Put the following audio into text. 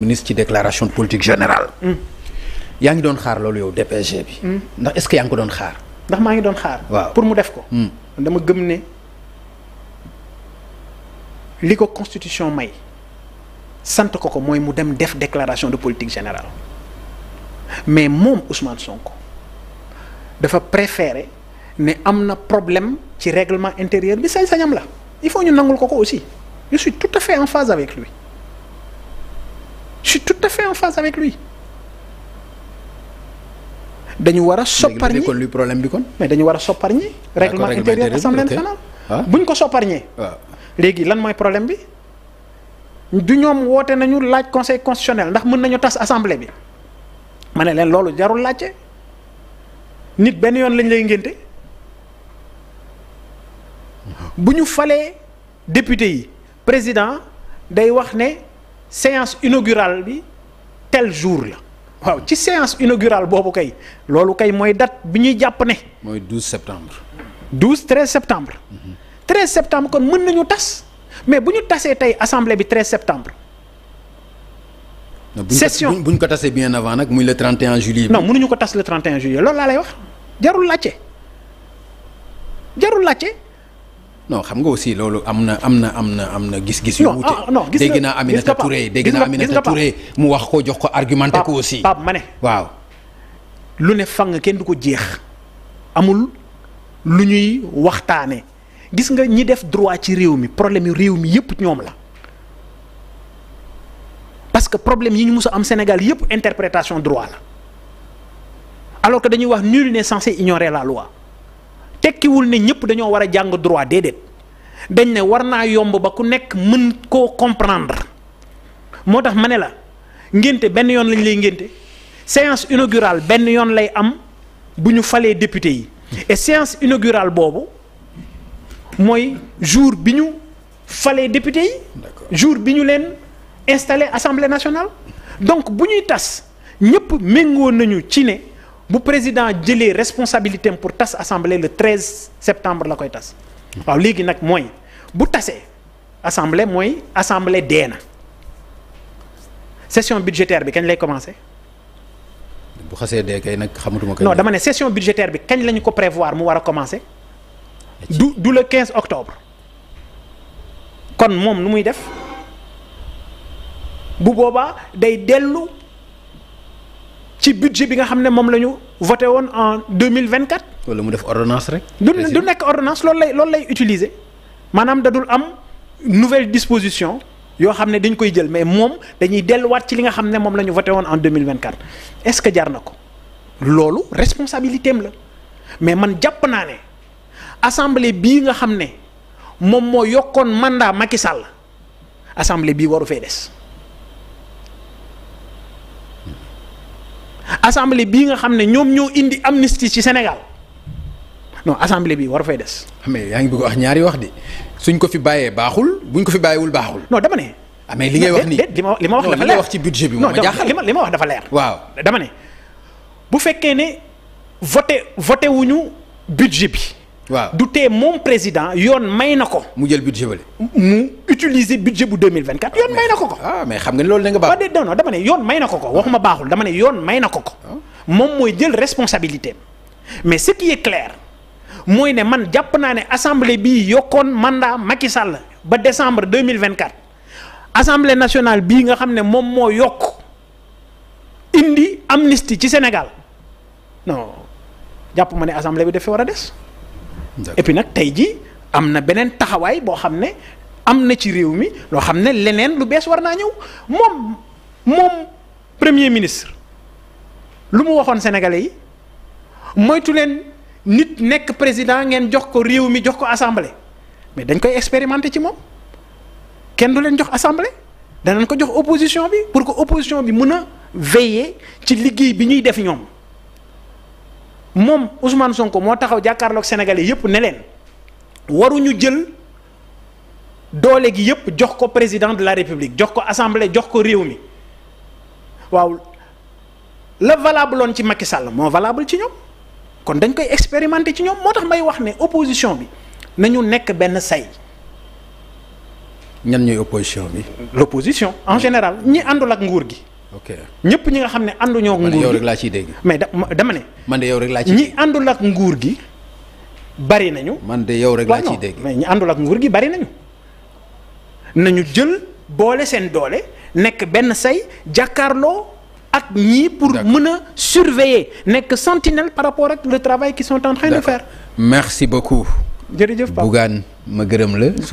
ministre ci déclaration de politique générale. Hmm. yaa ngi doon xaar loolu yow DPG bi. Hmm. ndax est-ce que yaa ngi ko doon xaar. ndax maa ngi doon xaar. waaw pour mu def ko. Hmm. dama gëm ne li ko constitution may sant ko ko mooy mu dem def déclaration de politique générale mais moom Ousmane Sonko dafa préféré ne am na problème ci règlement intérieur bi sañ-sañam la il faut ñu nangul ko ko aussi je suis tout à fait en phase avec lui. je suis tout à fait en phase avec dañu war a sopparñi kon luy problème bi kon. mais dañu war a sopparñi. règlement intérieur assemblée nationale. Ah. buñ ko sopparñee. waaw ah. léegi lan mooy problème bi du ñoom woote nañu laaj conseil constitutionnel ndax mën nañu tas assemblée bi ma ne leen loolu jarul laajte nit benn yoon lañ lay ngénte bu ñu falee député yi président day wax ne. séance inaugurale bi tel jour la waaw ci séance inaugurale boobu kay loolu kay mooy dat bi ñuy jàpp ne. mooy 12 septembre. 12 13 septembre. 13 septembre kon mën nañu tas mais bu ñu tasee tey assemblée bi 13 septembre. session bu ñu ko tasee bien avant nag muy le 31 juillet. mun mënuñu ko tas le 31 juillet loolu laa lay wax jarul laajte jarul laajte. non xam nga aussi loolu am na am na am na am na gis-gis. yu wute ah, dégg naa Aminata Touré dégg naa na Touré mu wax ko jox ko argumenté ko aussi. Pape ma ne waaw. lu ne fang kenn du ko jeex amul lu ñuy waxtaane gis nga ñi def droit ci réew mi problème yu réew mi yëpp ñoom la parce que problème yi ñu mus a am Sénégal yëpp interprétation droit la alors que dañuy wax nul n'est censé ignorer la loi. tekkiwul ne ñëpp dañoo war a jàng droit déedéet dañ ne war naa yomb ba ku nekk mën koo comprendre moo tax ma ne la ngénte benn yoon lañ lay ngénte séance inaugurale benn yoon lay am bu ñu falee député yi et séance inaugurale boobu mooy jour bi ñu falee député yi jour bi ñu leen installé assemblée nationale donc bu ñuy tas ñëpp méngoon nañu ci ne bu président jëlee responsabilité pour tas assemblée le 13 septembre la koy tas waaw léegi nag mooy bu tasee assemblée mooy assemblée dee na session budgétaire bi kañ lay commencer. bu xasee dee kay xamatuma ko. non dama ne session budgétaire bi kañ lañu ko prévoir mu war a commencer. du du le 15 octobre. kon moom lu muy def bu boobaa day dellu. ci budget bi nga xam ne moom la ñu voté woon en deux vingt quatre. mu def ordonnance rek. du du nekk ordonnance loolu lay loolu lay maanaam dadul am nouvelle disposition yoo xam ne dañ koy jël mais moom dañuy delluwaat ci li nga xam ne moom la ñu voté woon en deux mille vingt quatre est-ce que jar na ko loolu responsabilité am la mais man jàpp naa ne assemblée bii nga xam ne moom moo yokkoon mandat Macky Sall assemblée bii waru fee des. assemblée bii nga xam ne ñoom ñoo indi amnistie ci Sénégal non assemblée bi war fay des. mais yaa ngi ko wax ñaari wax di suñ ko fi bàyyee baaxul buñ ko fi bàyyiwul baaxul. non dama ne. amee ah, li ngay wax nii li ma li ma wax dafa leer wax ci budget bi moo ma li ma li ma wax dafa leer. waaw dama ne bu fekkee ne voté voté wuñu budget bi. waaw du tee moom président yoon may na ko. mu jël budget bële. utiliser budget bu 2024 yoon may na ko ko. ah mais xam nga loolu da nga baax. non non dama ne yoon may na ko ko waxuma baaxul dama ne yoon may na ko ko. Ah. moom mooy jël responsabilité mais ce qui est clair mooy ne man jàpp naa ne assemblée bii yokkoon mandat Macky Sall ba décembre 2024 assemblée nationale bii nga xam ne moom moo yokk indi amnistie ci Sénégal no jàpp ma ne assemblée bi dafa war a des. et nag tey jii am na beneen taxawaay boo xam ne am na ci réew mi loo xam ne leneen lu bees war naa ñëw moom moom premier ministre lu mu waxoon sénégalais yi moytu leen nit nekk président ngeen jox ko réew mi jox ko assemblée mais dañ koy expérimenter ci moom kenn du leen jox assemblée danañ ko jox opposition bi pour que opposition bi mun a veiller ci liggéey bi ñuy def ñoom. moom Ousmane Sonko moo taxaw jàkkaarloog Sénégalais yépp ne leen waruñu jël doole gi yépp jox ko président de la république jox ko assemblée jox ko réew mi waaw la valable woon ci Macky Sall moo valable ci ñoom kon dañ koy expérimenter ci ñoom moo tax may wax ne opposition bi nañu nekk benn say. ñan ñooy opposition bi. l'opposition en général ñi àndul ak nguur gi. ok ñëpp ñi nga xam ne ànduñoo ak nguur gi laa ciy dégg. mais dama ne. man de yow rek laa ciy ñi àndul ak nguur gi bari nañu. man de yow rek laa ciy dégg mais ñi àndul ak nguur gi bari nañu. nañu jël boole seen doole nekk benn say jàkkaarloo ak ñii pour mën a surveiller nekk sentinelle par rapport ak le travail qu'ils sont en train merci beaucoup. jërëjëf Pape Bougane ma gërëm la.